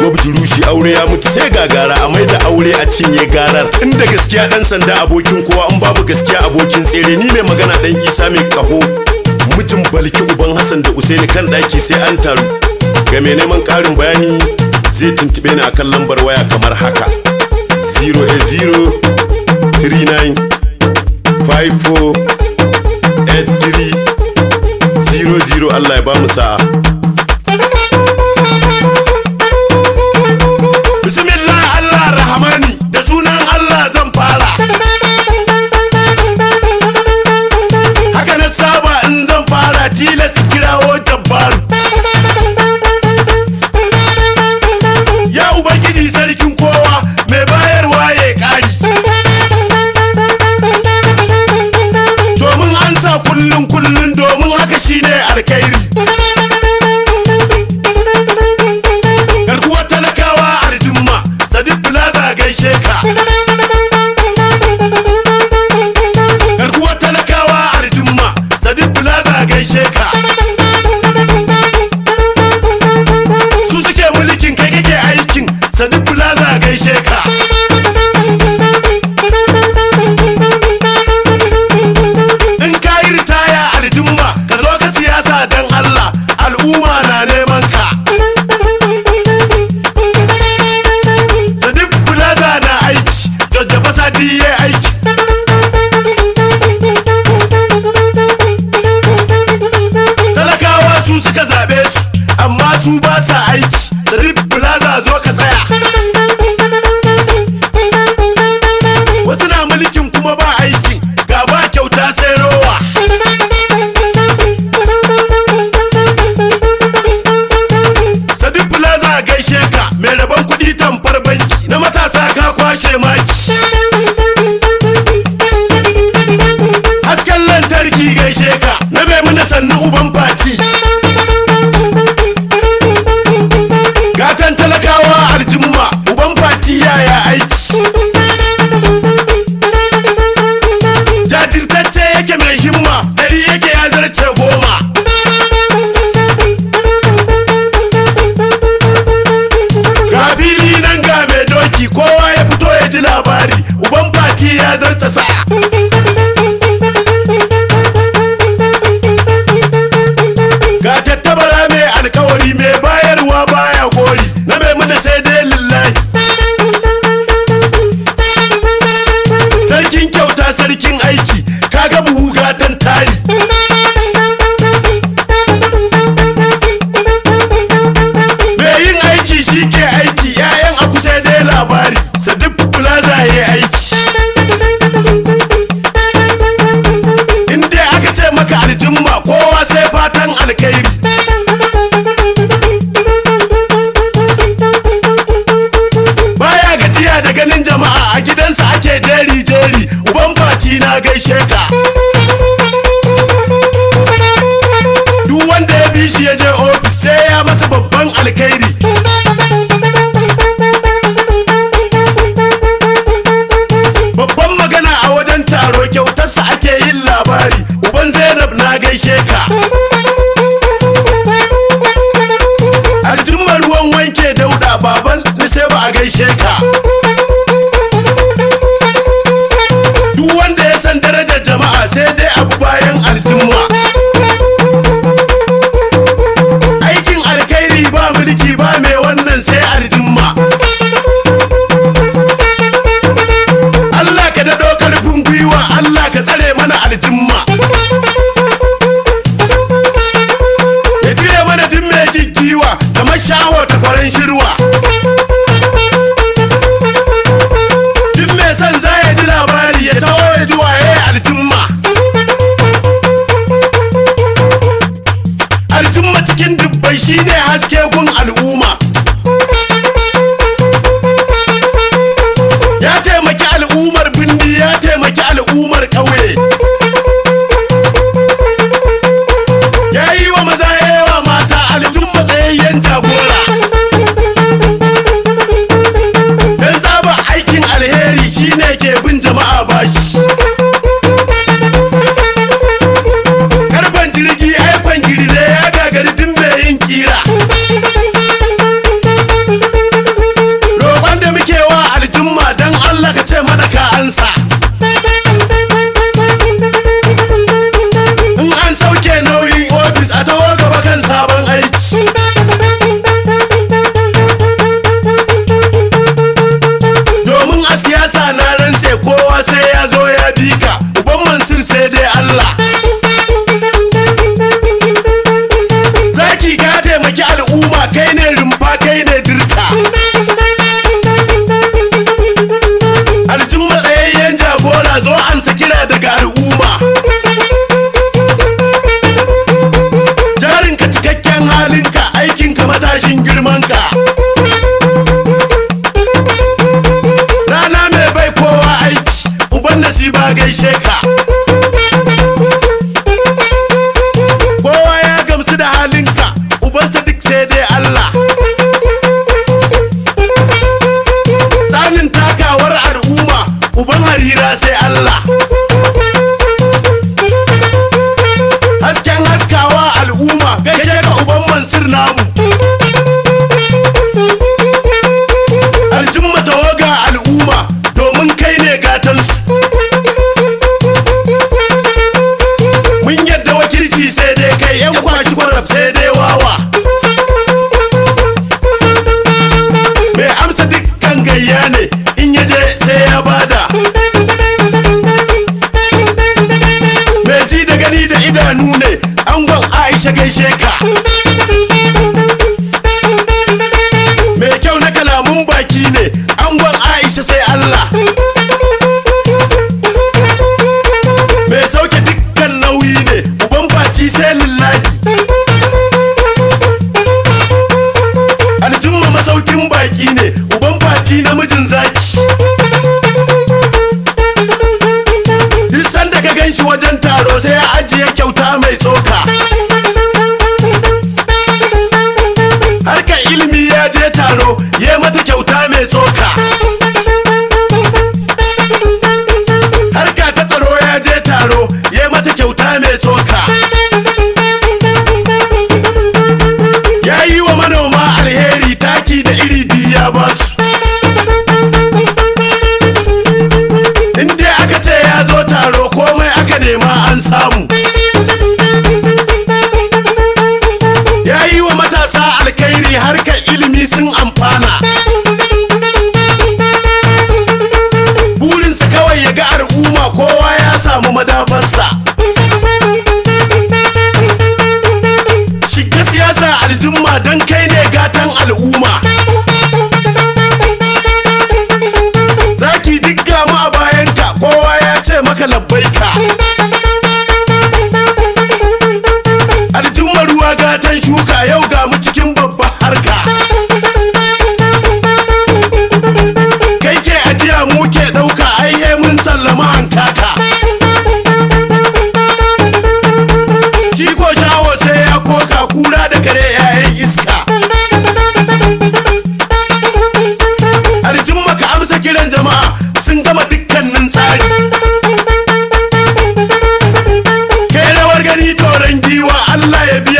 shigo bujurushi aure ya mutu sai gagara a mai da aure a cinye garar inda gaskiya dan sanda abokin kowa in babu gaskiya abokin tsere ni mai magana dan isa mai kaho mutum balki uban hassan da usaini kan daki sai an taru ga mai neman karin bayani zai tuntube ni akan lambar waya kamar haka 080 39 54 83 Allah ya ba mu sa'a kwashe lantarki gaishe ka na mai mana sannu uban fati Get up. al'umma cikin dubbai shine haske gun al'umma si baggy shaker ta gaishe ka mai kyau na kalamun baki ne gwan aisha sai allah mai sauke dukkan nauyi ne uban baci sai lillahi aljumma masaukin baki ne uban baci namijin zaki duk sanda ka gan shi wajen taro sai ya ajiye kyauta mai tso ce maka labbaika aljumma ruwa gatan shuka yau ga wa Allah ya biya